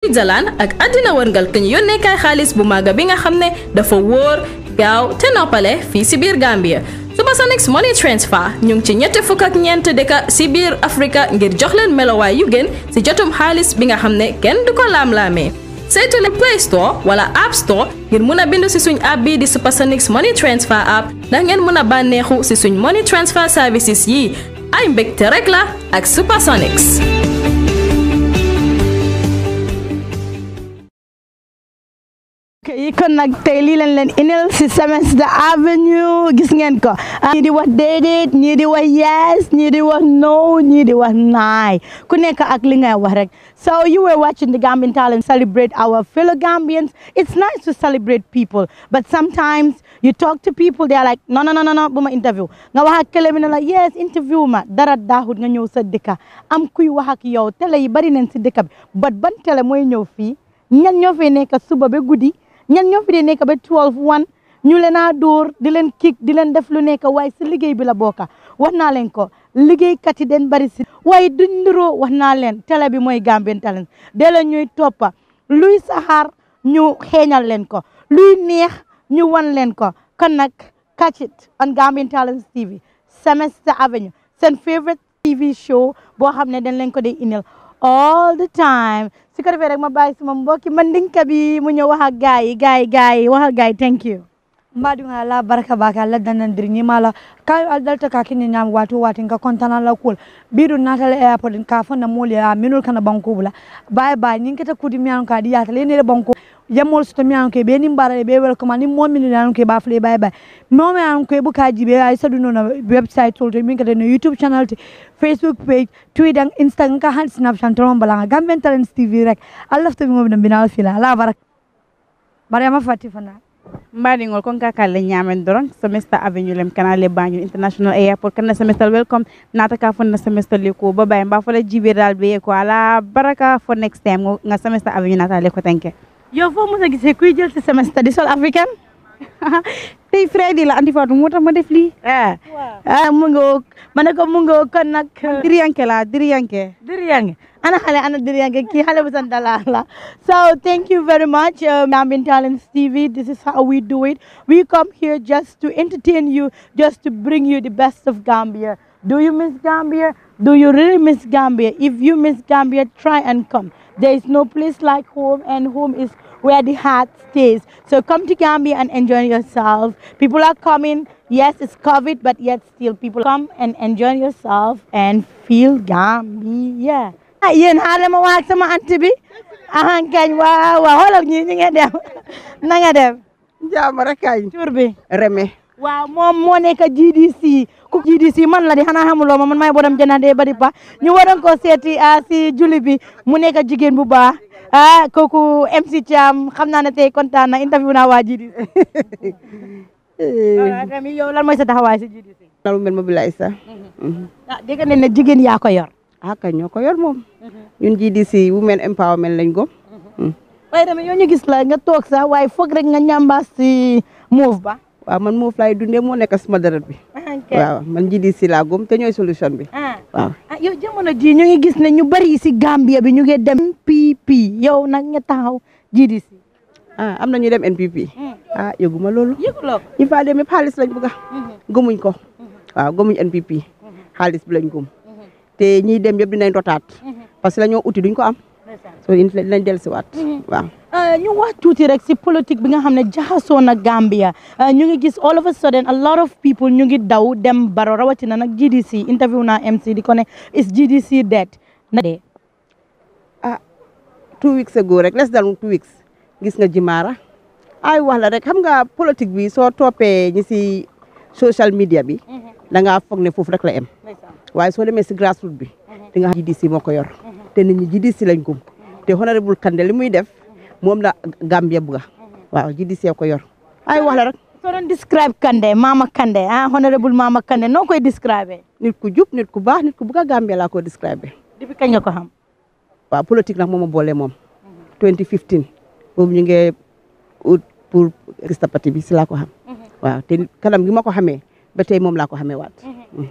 Jalan, ak àddina wërngal yone kay khalis bu maga bi nga xamne dafa wor gaw te fi ci bir Gambia Supersonics Money Transfer ñu ci ñett fuk ak ci bir Afrika ngir jox len melaway yu gen ci jotum khalis bi nga xamne ken du ko Play Store wala App Store ngir muna bindu ci si suñ app bi di Supersonics Money Transfer app dan ngeen muna banexu ci si suñ money transfer services yi ay te rek la ak Supersonics kon nag tey lii leen leen inel si Semester Avenue gis ngeen ko ah, ñii di wax déedéet ñii di wax yes ñii di wax no ñii di wax naay ku nekk ak li ngay wax rek so you were watching the Gambian Talents celebrate our fellow Gambians it's nice to celebrate people but sometimes you talk to people they are like no no bu ma interview nga wax ak la yes interview ma dara daaxut nga ñëw sa dëkka am kuy wax ak yow tele yi bari nañ si dëkka bi but ban télé mooy ñëw fii ñan ñoo fee nekk suba ba guddi ñan ñoo fi dee nekk ba 12 1 ñu leen a dóor di leen kick di leen def lu nekk waaye si liggéey bi la bokka wax naa leen ko liggéeykat yi den bari si waaye duñ niroo wax naa leen télé bi mooy Gambian Talents dee leen ñuy toppa luy saxaar ñu xeeñal leen ko luy neex ñu wan leen ko kon nag catch it on Gambian Talents TV Semester Avenue seen favorite TV show boo xam ne dañ leen ko dee indil all the time su ko defee rek ma bàyyi suma mbokki mandinka bi mu ñëw wax ak gaay yi gaay yi gaay yi wax ak yi thank you mbaɗuga ala barka baka allah danandir ñimala kayo aldalta ka kinni ñam waati wati nga contana la kul biɗu natal airport ka fo na muli a minul kana banko bula bay bay ñin keta kudi miyan ka di yatal yenele banko yamol sto mi anke be nim barale be wel welcome ni momi ni anke ba fle bye bye mo mi anke bu kaji be ay sadu no na website tol min kade no youtube channel te facebook page twitter instagram ka han snapchat bala balanga gamben talent tv rek allah to mi mo binal fila la barak bare mariama fati fana ngol kon ka kalle nyamen doron semestre avenue lem canal le bañul international airport kan semestre welcome nata ka fonna semestre le ko babay mba fola jibe dal be ko ala baraka for next time nga semestre avenue nata le ko tanke Your foo mos a gisee semester. This all African. di sol africain tey Friday la andi Fatou moo tax ma def lii ah. ah mu ngoo ma ne ko mu ngoo kon nag. diriyanke la diriyanke. diriyanke ana xale ana diriyanke kii xale bu sant la la so thank you very much Gambian uh, Talents TV this is how we do it we come here just to entertain you just to bring you the best of Gambia. Do you miss Gambia? Do you really miss Gambia? If you miss Gambia, try and come. There is no place like home, and home is where the heart stays. So come to Gambia and enjoy yourself. People are coming. Yes, it's COVID, but yet still people come and enjoy yourself and feel Gambia. Ah, yéen xaar ma wax ak sama anti bi axan kañ waaw waaw xoolal ñi ñi nga dem na nga dem jaam rek kañ tur bi reme wa mom, mo nek GDC ku GDC man la di xanaa xamuloo ma man maay jena de bari ba ñu waroon ko a ah, si julli bi mu nek jigen bu baax ah koku MC Cham xamna na tay contane interview na interview gdc euh GDC yow lan moy sa taxaway si GDC lalu mel ma sa ah dégg na ne jigen ya ko yor ah kañ ñoo ko yor mom ñun GDC women empowerment lañ gom mm-hmm. waaye tamit yow ñu gis la nga tok sa way fokk rek nga si move ba waaw man moof laay dundee moo nekk sama deret bi. Ah, waaw man ji di si laa gëm te ñooy solution bi. Ah. waaw ah yow jamono jii ñu ngi gis ne ñu bari si Gambia bi ñu ngi dem NPP yow nag nga taxaw ji di si. am na ñuy dem NPP. Hmm. ah yëguma loolu. yëguloo ñu faa demee xaalis lañ bëgg a. Hmm. gëmuñ ko. Hmm. waaw gëmuñ NPP. xaalis bi lañ gëm. te ñiy dem yëpp dinañ rotaat. parce que ñoo uti duñ ko am. so in lañ dellusiwaat mhm. waaw euh, ñu wax tuuti rek si politique bi nga xam ne jaxasoo na Gambia euh, ñu ngi gis all of a sudden a lot of people ñu ngi daw dem baro rawatina nag GDC interview naa MC di ko ne is GDC dead na dee ah two weeks ago rek less than two weeks gis nga Jimaara ay wax la rek xam nga politique bi soo tope ñi si social media bi mhm. da ngaa ne foofu rek la em waaye soo demee si grassroot bi mhm. di nga GDC moo yor te nit ñi GDC lañ ko te honorable Kandeh li muy def moom la Gambia buga waaw GDC ko yor ay wax la rek. soo doon describe Kandeh Mama Kandeh ah honorable Mama Kandeh noo koy describe. nit ku jub nit ku baax nit ku buga Gambia laa koy describe. depuis kañ nga ko xam. waaw politique nag moom ma boole moom. 2015 boobu ñu ngi ut pour gis parti bi si laa ko xam. Mhm. waaw te kanam gi ma ko xamee ba tey moom laa ko xamee waat. Mhm. Mm.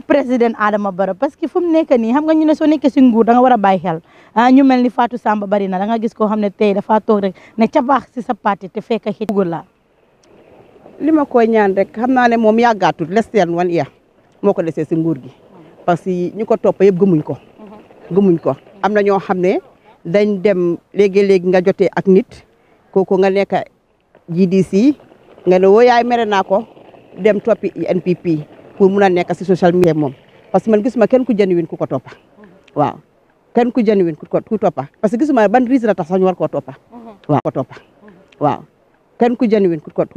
président Adama Barrow parce que fu mu nekk nii xam nga ñu soo nekkee si nguur da war a bàyyi xel ah ñu mel ni Fatou Samba bari na gis koo xam ne tey dafaa toog rek ne capaax si sa parti te fekk xëy na. li ma koy ñaan rek xam naa ne moom yàggaatul less than one year moo ko desee si nguur gi parce que ñu ko topp yëpp gëmuñ ko. gëmuñ ko am na ñoo xam ne dañ dem léegi-léegi nga jotee ak nit kooku nga nekk GDC nga ne woo yaay mere naa ko dem toppi pour mun a nekk social media moom parce man gisuma kenn ku jënd win ku ko toppa waaw kenn ku ban risque la tax war ko mhm. toppa waaw kenn ku mhm. ah.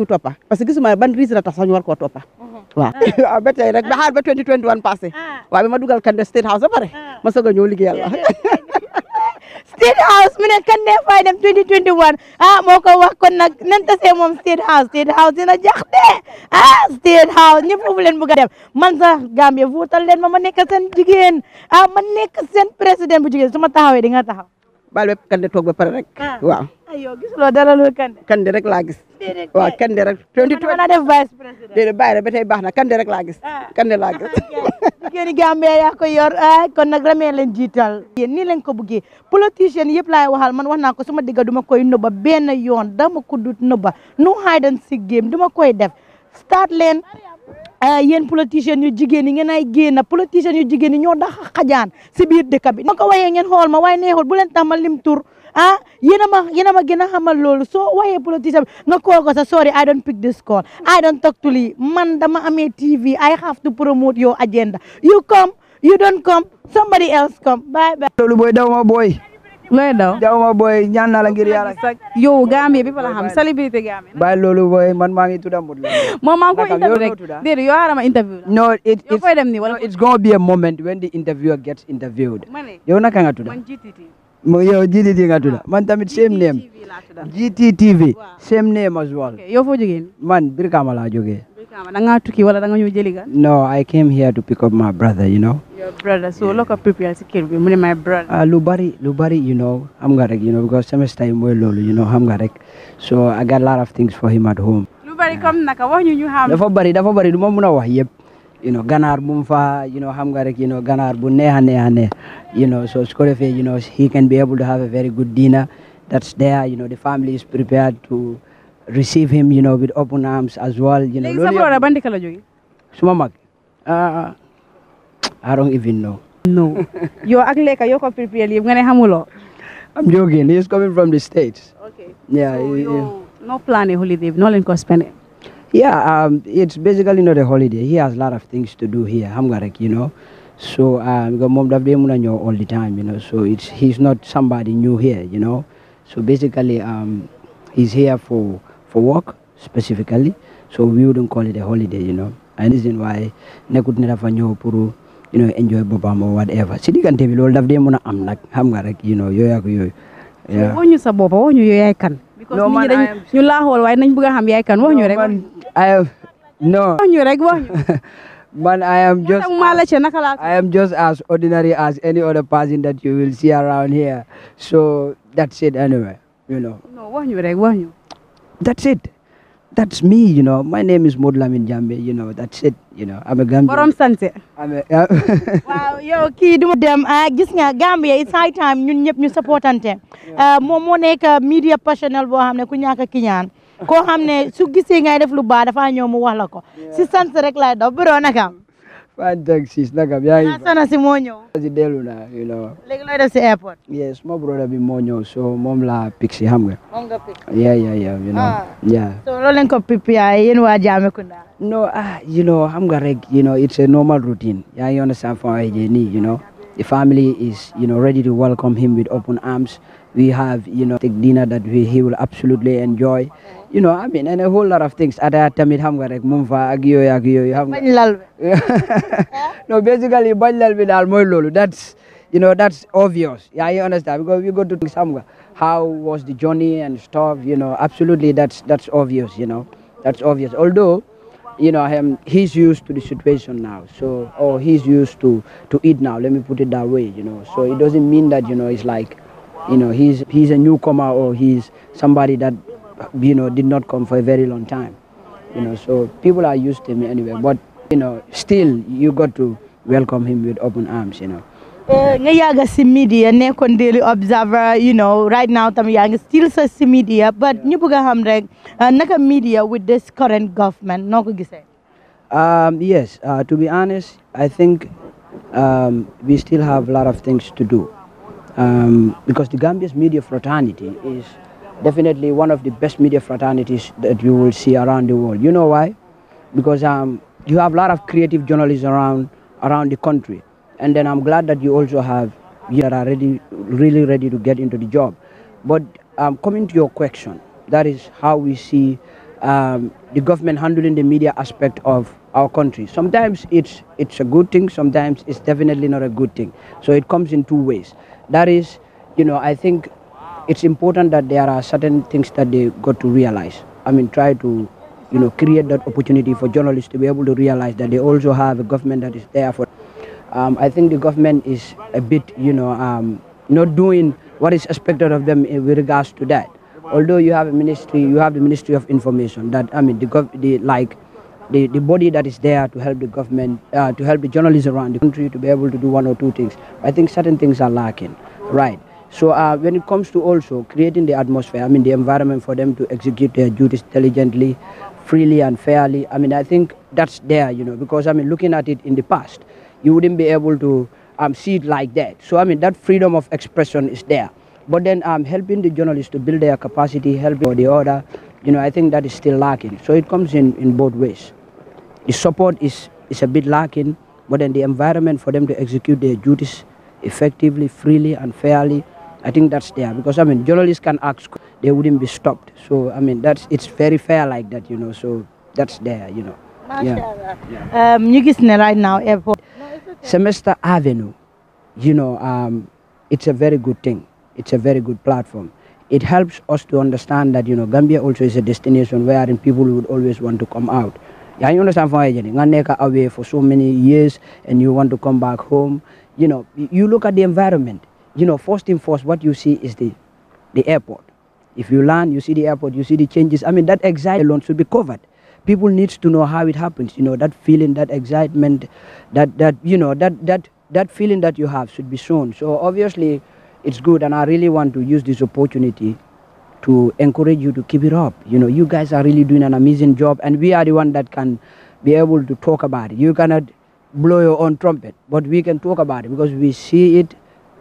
rek ba xaar ba 2021 passé ah. waaw ma dugal kan state house ba pare ah. ma soog a ñëw liggéeyal state house mu ne kan ne fay dem ah moo ko wax kon nag nan tasee moom state house state house dina jax de ah state house ñëpp foofu leen bëgg dem man sax Gambie votal leen ma ma nekk seen jigéen ah ma nekk seen président bu jigéen su ma taxawee di nga taxaw baal bépp Kande toog ba pare rek. Ah. waaw aywa ah, gisuloo dara lu Kande. Kande rek laa gis. waaw Kande rek. tuuti tuuti man def vice président. déedéet bàyyi rek ba tey baax na Kande rek laa gis. Ah. Kande laa gis. jigéen yi Gambia yaa ko yor kon nag Ramé leen jiital. yéen nii lañ ko bëggee politicien yëpp laay waxal man wax naa ko suma digga duma koy nëbba benn yoon dama ko dut nëbba nu hide and seek game duma koy def. start leen eh, yéen politiciens yu jigéen yi ngeen ay génn politiciens yu jigéen yi ñoo dax xajaan si biir dëkk bi ma ko wayee ngeen xool ma waaye neexul bu leen tax ma lim tur ah a ma yéen a ma gën a xamal loolu soo wayee politicien nga koo ko sa sorry I don't pick this call I don't talk to lii man dama amee TV I have to promote your agenda you come you don't come somebody else come bye bye loolu booy daw booy looy daw jaww ma booy ñaan naa la ngir yàlla. yow Gambie bi fa la xam célébrité Gambie. bàyyi loolu booy man maa ngi tudd Modou Lamine. moom maa ngi koy interview rek déedéet yoo xam ne interview la. no it it koy dem nii wala. it's gonna be a moment when the interviewer gets interviewed. yow naka nga tudd. man yow GTT nga tudd ah, man tamit same name. GTTV laa tudd GTTV. same name as well. yow foo jógee. man Brikama laa jógee. No, I came here to pick up my brother, you know. Your brother. So yeah. look up people as kid, my brother. Uh, Lubari, Lubari, you know, I'm Garek, you know, because semester time well, you know, I'm Garek. So I got a lot of things for him at home. Lubari, yeah. come, naka, what you have. Dafa bari, dafa bari, duma muna wah, yep. You know, ganar bumfa, you know, ham Garek, you know, ganar bu neha neha ne. You know, so Skorefe, you know, he can be able to have a very good dinner. That's there, you know, the family is prepared to receive him, you know, with open arms as well. You know, suma mag. Uh, I don't even know. No. You're acting like a are prepared. You're gonna hamulo. I'm joking. He's coming from the States. Okay. Yeah. So he, No plan a holiday. No link spend it. Yeah. Um. It's basically not a holiday. He has a lot of things to do here. Hamgarek, you know. So um, mom all the time, you know. So it's he's not somebody new here, you know. So basically, um, he's here for for work specifically so we wouldn't call it a holiday you know and reason why nekkut ne dafa ñëw pour you know enjoy boppam moo whatever si diggante bi loolu daf dee mën a am nag xam nga rek you know yooyu ak yooyu woo ñu sa bopp woo ñu yaay kan because ñu laa waaye nañ bëgg a xam yaay kan wax ñu rek no wax ñu rek wax man I am just I am just as ordinary as any other person that you will see around here so that's it anyway you know wax ñu rek wax ñu that's it. That's me, you know. My name is Modou Lamine Jammeh, you know. That's it, you know. I'm a Gambian. borom sant. am a waaw yow kii du ma dem ah, gis nga Gambia it's high time ñun ñëpp ñu supportante ah, moom moo nekk media personnel boo xam ne ku ñàkk a kiñaan koo xam ne su gisee ngay def lu baax dafa ñëw mu wax ko si sant rek laay dox bu doon naka Fine, thanks. It's not gonna be high. Sana si Monyo. Zideluna, you know. Like right at the airport. Yes, my brother be Monyo, so mom la pixi hamwe. Mom go pixi. Yeah, yeah, yeah, you know. Ah. Yeah. So rolling ko pipi ay yenu ajame kuna. No, ah, you know, I'm gonna you know, it's a normal routine. Yeah, you understand for AJN, you know. The family is, you know, ready to welcome him with open arms. we have you know the dinner that we, he will absolutely enjoy you know i mean and a whole lot of things no basically that's you know that's obvious yeah you understand because we go to xam how was the journey and stuff you know absolutely that's that's obvious you know that's obvious although you know him he's used to the situation now so or he's used to to eat now let me put it that way you know so it doesn't mean that you know it's like you know, he's, he's a newcomer or he's somebody that, you know, did not come for a very long time. You know, so people are used to him anyway. But, you know, still you got to welcome him with open arms, you know. Eh, nga yàgg si media Observer you know right now tam yang still sa si media but ñu bëgg rek eh, naka media with this current government No ko gisee. Um, yes uh, to be honest I think um, we still have a lot of things to do. Um, because the Gambia's media fraternity is definitely one of the best media fraternities that you will see around the world. You know why? Because um, you have a lot of creative journalists around around the country, and then I'm glad that you also have you are ready, really ready to get into the job. But um, coming to your question, that is how we see um, the government handling the media aspect of our country. Sometimes it's it's a good thing, sometimes it's definitely not a good thing. So it comes in two ways. That is, you know, I think it's important that there are certain things that they got to realize. I mean, try to, you know, create that opportunity for journalists to be able to realize that they also have a government that is there for. Um, I think the government is a bit, you know, um, not doing what is expected of them with regards to that. Although you have a ministry, you have the Ministry of Information that I mean, the, gov- the like the, the body that is there to help the government, uh, to help the journalists around the country to be able to do one or two things. I think certain things are lacking, right? So uh, when it comes to also creating the atmosphere, I mean the environment for them to execute their duties diligently, freely and fairly, I mean I think that's there, you know, because I mean looking at it in the past, you wouldn't be able to um, see it like that. So I mean that freedom of expression is there. But then um, helping the journalists to build their capacity, helping for the order, you know, I think that is still lacking. So it comes in, in both ways. The support is, is a bit lacking, but then the environment for them to execute their duties effectively, freely, and fairly, I think that's there. Because, I mean, journalists can ask, they wouldn't be stopped. So, I mean, that's it's very fair like that, you know, so that's there, you know. Yeah. Um, you guys right now, airport. Semester Avenue, you know, um, it's a very good thing. It's a very good platform it helps us to understand that you know Gambia also is a destination wherein people would always want to come out. Yeah, you understand from Nganneka away for so many years and you want to come back home. You know, you look at the environment. You know, first thing first, what you see is the, the airport. If you land, you see the airport, you see the changes. I mean, that excitement alone should be covered. People need to know how it happens. You know, that feeling, that excitement, that, that you know, that, that, that feeling that you have should be shown. So obviously, it's good, and I really want to use this opportunity to encourage you to keep it up. You know, you guys are really doing an amazing job, and we are the one that can be able to talk about it. You cannot blow your own trumpet, but we can talk about it because we see it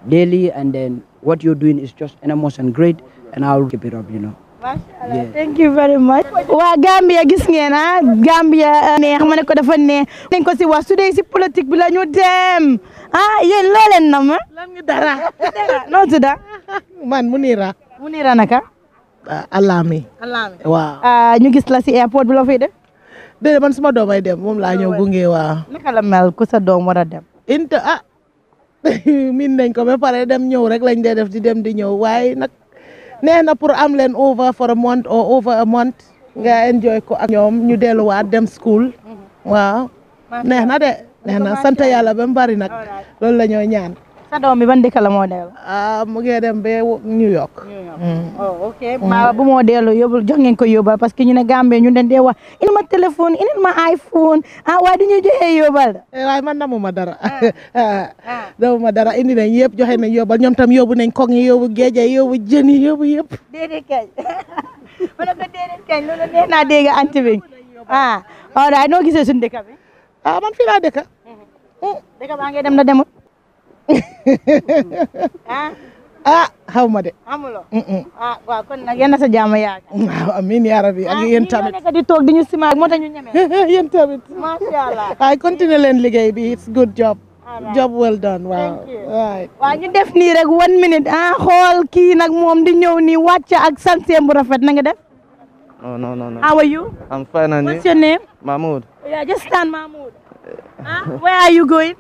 daily, and then what you're doing is just enormous and great, and I'll keep it up, you know. macha allah thank you waa Gambia gis ngeen ah Gambia eh, neex ma ne ko defa neex. nañ ko si wax su dee si politique bi la ñu dem ah yéen loo leen nam ah. lan nga dara dara noo tudd man naka. Ah, Alami. Ah, ñu gis la si airport bi loo fay def. déedéet man suma doom dem moom laa ñëw gunge waa. naka la mel ku doom war a dem. inte ah. min nañ ko ba pare dem ñëw rek lañ dee def di dem di ñëw waaye nag. nee na pour am leen over for a month or over a month nga enjoy ko ak ñoom ñu delluwaat dem school mm-hmm. waaw neex na de neex na sant yàlla ba mu bari nag loolu la ñoo ñaan sa doom bi ban la moo dellu. Ah, oh, mm. bu moo dellu yóbbul jox ngeen ko yóbbal parce que ñu ne Gambie ñu dañ dee wax il ma téléphone il ma iPhone ah du ñu eh, ma dara. Ah. Ah. namu ma dara indi nañ yëpp joxe nañ yóbbal ñoom tam yóbbu nañ koŋ yi yóbbu géej yi yóbbu jën yi yóbbu yëpp. anti bi ah waaw daal noo gisee suñu dëkk bi. man fii laa dëkk. Mm-hmm. Mm-hmm. dëkk baa na demut. Ah. ah xaw ma de. amuloo. ah waaw kon nag yal na sa jàmm yaakaar. waaw amiin yaa rabbi ak ah, yéen tamit di toog di ñu simaay moo tax ñu ñeme. yéen tamit. macha allah waaye continuer leen liggéey bi it's good job. job well done waaw. ñu def nii rek one minute ah xool kii nag moom di ñëw nii wàcc ak sanseem bu rafet na def. oh how are you. I'm fine and you. what's your name. Mahmoud. yeah ah, where are you going.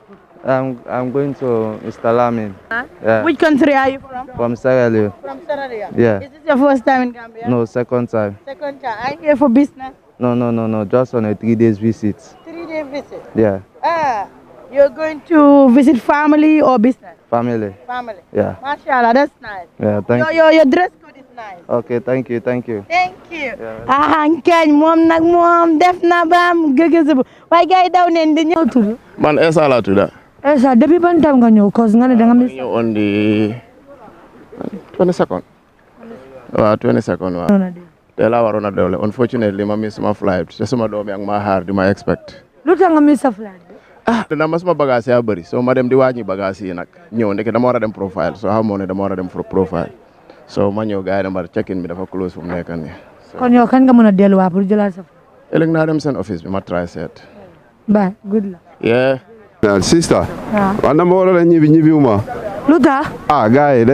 I'm, I'm going to Instalami. Huh? Yeah. Which country are you from? From Sierra Leone. From Sierra Leone? Yeah. Is this your first time in Gambia? No, second time. Second time. Are you here for business? No, no, no, no. Just on a three days visit. Three day visit? Yeah. Ah, you're going to visit family or business? Family. Family. Yeah. MashaAllah, that's nice. Yeah, thank your, your, your dress code is nice. Okay, thank you, thank you. Thank you. Ah, Ankeñ Mom. nag moom def na baam gëgësëbu waaye gars yi daw neen di ñëw tudd. man Essa laa tudd Eh, sa debi bantam ganyo cause ngane ah, dengan ngam ni on the 20 ah, second. Ah, wa 20 second wa. Te la warona dole. Unfortunately, ma miss ma flight. Te suma domi yang ma hard di ma expect. Luta nga miss flight. Ah, dana mas ma bagasi ya bari. So ma dem di wañi bagasi yi nak. Ñew ndeke dama wara dem profile. So xamoo ne dama wara dem for profile. So ma guys gaay dama check in bi dafa close fu mu nekk kan ni. Kon yow kan nga mëna delu wa pour jëlal sa. Elek na dem sen office bi ma try set. Bye, good luck. Yeah. sista ah. waaw dama waroon a ñibbiwuma. lu daa. ah gars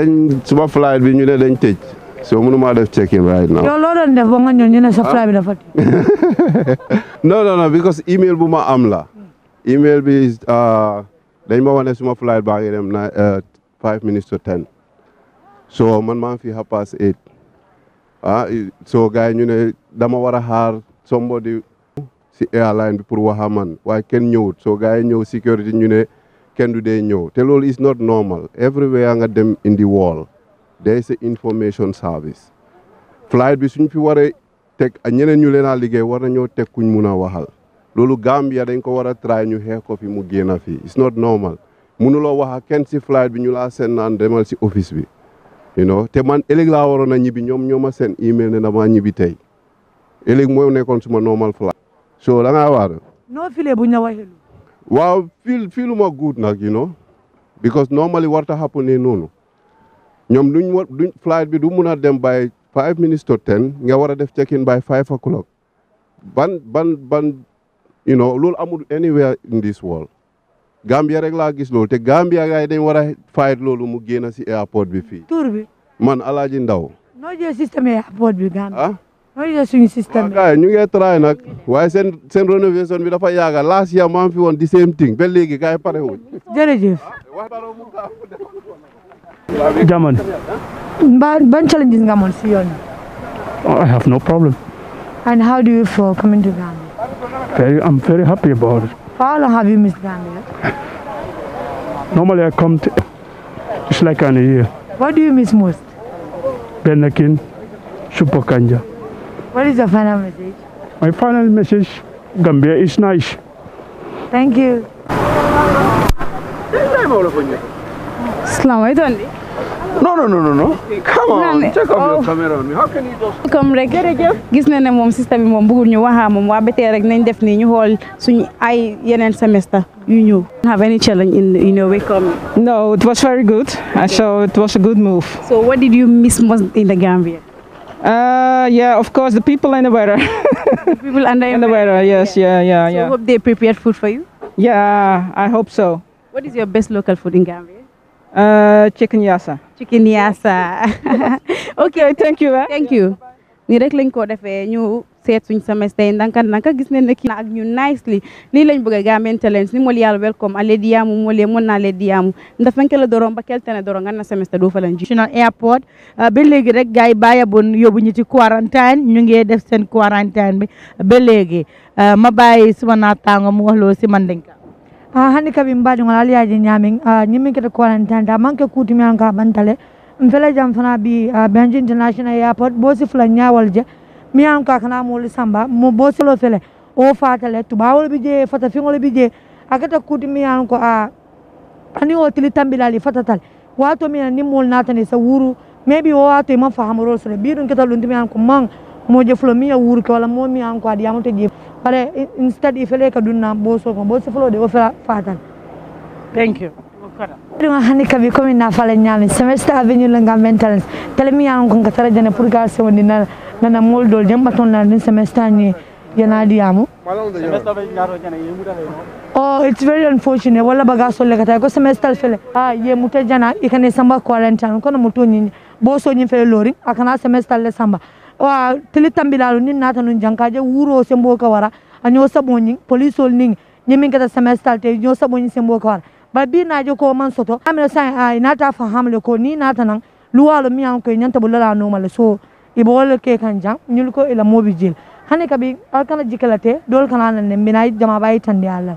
suba flight bi ñu ne dañ tëj soo mënuma def check in right now. yow loo def ba nga ñu ne sa ah. flight bi dafa non non non because email bu ma am la. email bi ah, dañ ma wane suma flight baa ngi dem na eh, five minutes to ten so man maa fi past eight so gars ñu ne dama war a somebody si airline bi pour wax a man waa kenn ñëwut soo gars yi ñëw sécurité ñu ne kenn du dee ñëw te loolu is not normal everywhere nga dem indi wall there is a information service flight bi suñ fi waree teg ñeneen ñu leen a liggéey war na ñoo teg kuñ mun a waxal loolu Gambia dañ ko war a try ñu xeex ko fi mu génn a fii it's not normal mënuloo wax ak kenn si flight bi ñu laa seen naan demal si office bi you know te man ëllëg laa waroon a ñibbi ñoom ñoo ma seen email ne damaa ñibbi tey ëllëg mooy nekkoon suma normal flight So la nga war. No file bu ñawahelu. Wow, feel feel more good nag, you know. war normally what happen noonu. ñoom duñ war duñ flight bi du mun a dem by five minutes ten nga war a def check in by five o'clock ban ban ban you know loolu amul anywhere in this world Gambia rek laa gis loolu te Gambia gars yi dañ war a fight loolu mu génn si airport bi fii. tur bi man Alaaji Ndaw. noo jël système airport bi Gambia. Ah? loolu la suñu système bi ñu ngi try nag waaye seen seen rénovation bi dafa yaaga last year maa fi woon the same thing ba léegi gars yi pare wuñ. jërëjëf. jamono. ban challenges nga amoon si yoon oh, I have no problem. And how do you feel coming to Gambia? Very, I'm very happy about it. how long have you missed Gambia? Normally I come to, it's like an year. What do you miss most? Benakin, Supakanja. What is your final message? My final message, Gambia is nice. Thank you. Islam, I don't. No, no, no, no, no. Come on, no, check off oh. your camera on me. How can you just... come? Comme rek gis na ne moom système bi moom bëggul ñu waxaa mom. waa BTR rek nañ def nii ñu xool suñu ay yeneen semester yu ñëw. Have any challenge in you know way coming? No, it was very good. Okay. So it was a good move. So what did you miss most in the Gambia? Uh, yeah, of course, the people and the weather. the people and the, and the weather, yes, yeah, yeah, yeah. So yeah. hope they prepared food for you? Yeah, I hope so. What is your best local food in Gambia? Uh, chicken yassa. Chicken yassa. okay, thank you. Eh? Thank you. ni rek seet suñ semester yi ndanka ndanka gis ne nekki a ak ñu nicely lii lañ bëgg Gambian Talents ni moli yàlla welcome a ledi yamu moli mën naa ledi yamu ba kel tane dorom nga na semester doo fa lañ ji national airport ah, ba léegi rek gars yi bàyyi bon yóbbu ñu ci quarantine ñu ngi def seen quarantine bi ba léegi ah, ma bàyyi suma naataango mu wax loolu si man dañ ah, hani kabi kete quarantine da manque kuutimi an ka ɓantale m fele jam fana bi benji international airport ɓoosi miyam ka kana li samba mo solo fele o fatale bawol bi je fata ngol bi je akata mi miyam ko a ani o tili tambilali fatatal wato mi ni mul natani sa wuru maybe o wato ma fahamoro sele bidun keta lundi miyam ko mang mo je fulo miya wuru ko wala mo miyam ko adi yamuto je pare instead ifele ka dunna so ko boso flo de o fela fatal thank you ɗuma hanni kabi commune na fala ñaami semestre avenue le ngam mentalens tele mi yanon kon ka jane pour ga nana mool jamba ton na din semester ni yana diyamu oh it's very unfortunate wala baga solle kata ko semester fele ah ye muta jana ikane samba quarantine kono mutu ni bo ni fele lori akana semester le samba wa tili tambilalu ni nata nun jankaje wuro sembo ka wara anyo sabo ni police ol ni nyemin kata semester te nyo sabo ni sembo ka wara ba na je ko man soto amina sai ai nata fahamle ko ni nata nan luwalo mi an ko nyanta bulala no male so ibol ke kan jang nyul ko ila mobi jil hane kabi alkana jikalate dol kana nan mbinay jama bay tan di Allah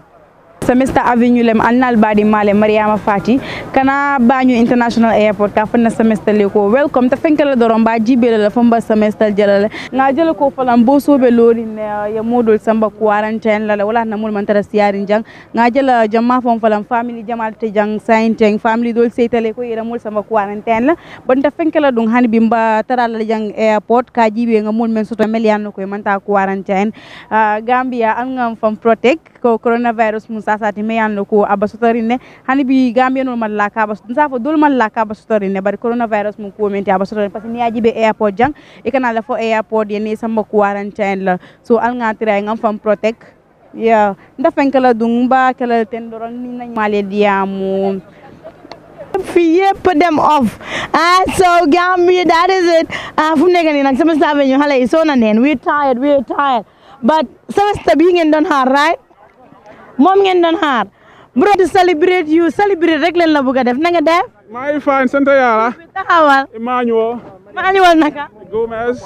semester avenue lem alnal badi male mariama fati kana banyu international airport ka fanna semester le ko welcome ta fenkala doron ba jibele la famba semester jalale ko falam bo sobe lori ne ya modol samba quarantaine la wala na mul man tara siyarin jang na jela uh, jamma fon falam family jamal te jang sainteng family dol seitale ko ira mul samba quarantaine la ban ta fenkala dun han bimba tara la jang airport ka jibe nga mul men soto melian ko man ta quarantaine uh, gambia an ngam protect ko coronavirus mun sasati me yan ko aba sotorinne hani bi gambianol mal la kaba nsafo dol bari coronavirus mun ko menti aba sotorinne parce que ni aji be airport jang e kana la fo airport yene samba quarantine la so al ngatira ngam fam protect yeah ndafen kala dung ba kala ten doron ni nañ malé diamu fi yëpp dem off ah so Gambia that is it ah fu mu nekk nag semester bi ñu xale yi soo na neen we tired we tired but semester bii Mom ngeen don haar bro di celebrate you celebrate rek len la bëgg def na nga def may fine sante yàlla taxawal Emmanuel Emmanuel naka Gomez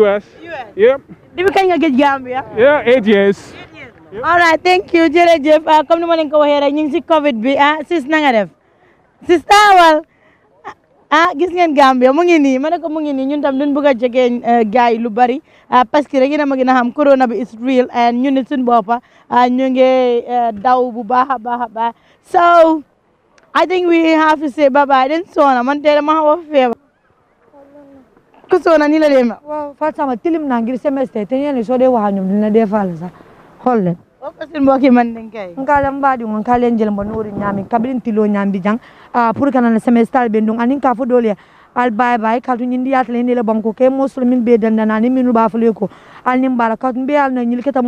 US uh, yep di kañ nga gëj Gambia yeah 8 years all right thank you Jeff, ah, comme ni ma len ko waxe rek ñing ci covid bi ah sis na nga def sis taxawal ah gis ngeen Gambia mu ngi ni ma ne mu ngi nii ñun tam duñ bëgg a jege eh, gaay lu bari ah, parce que rek yéen a ma gën a xam corona bi is real and ñu nit suñu boppa ah, ñu ngi eh, daw bu baax a baax a baax so I think we have to say bye bye den soona man tey dama xaw a feebar soona ni la demee waaw Fatou Sama tilim naa ngir semestre te ñeen soo dee wax ñoom dina dee faale sax xool leen Wapasin boki manden kay. Ngalam badi nyami kabrin tilo nyambi jang uh, ah, pour kana na semestal bendung anin ka fo dole al bay bay kaltu nyindi yatle ni le banko ke muslimin be dandana ni minu ba fuliko al nim al na nyilketa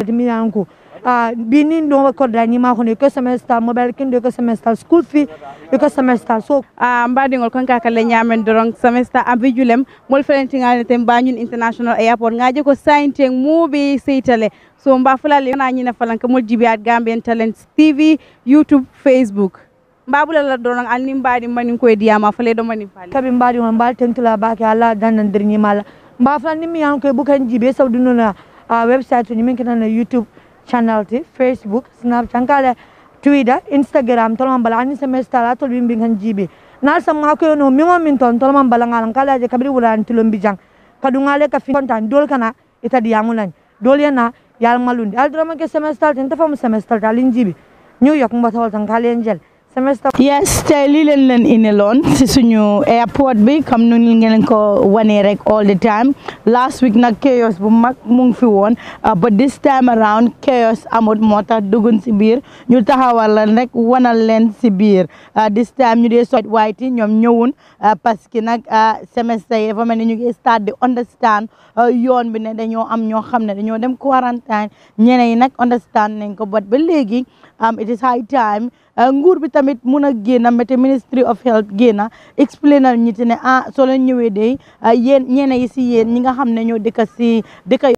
binin ko dani ma hono ko semestal mobile kinde ko semestal school fee ko semestal so ah, mbaɗigol konka kalle ñamen doron semestal ambi julem ngol felentingaleten bañun international airport ngaji ko sainteng muuɓe seytale so mba fulal na ñina falanka mol jibiat gambien talent tv youtube facebook mbabulala doron alni mbaɗi manin koye diyama fale ɗo manin fali kaɓe mbaɗi on mbaɗi tentula bake ala mala mba fulal nimmi yan koye bukan jibe saudi noon ah, website ni min kenana youtube channel ti facebook snapchat kala twitter instagram tolong man bala semester la tolong bimbingan bingan jibi na sam ma ko no mingo min ton tol man bala ngalan kala je kabri wulan tulum bijang kadungale ka fin tan dol kana ita diamulan dol yana yal malun. al drama ke semester tan semester talin jibi new york mbata wal tan kala angel yes tey lii leen leen indiloon si suñu airport bi comme nu ngeen ko wanee rek all the time last week nag chaos bu mag mu ngi fi woon uh, but this time around chaos amut moo tax dugun si biir ñu taxawal leen rek wanal leen si biir uh, this time ñu dee soj white yi ñoom ñëwun uh, parce que nag semestre yi dafa mel ni ñu ngi start di understand yoon bi ne dañoo am ñoo xam ne dañoo dem quarantine ñeneen yi nag understand nañ ko but ba léegi um, it is high time Euh, nguur bi tamit mun a génn mete ministry of health génn explainal ñi te ne ah soo leen ñëwee de euh, yéen ñeena yi si yéen ñi nga xam ne ñoo dëkk si dëkk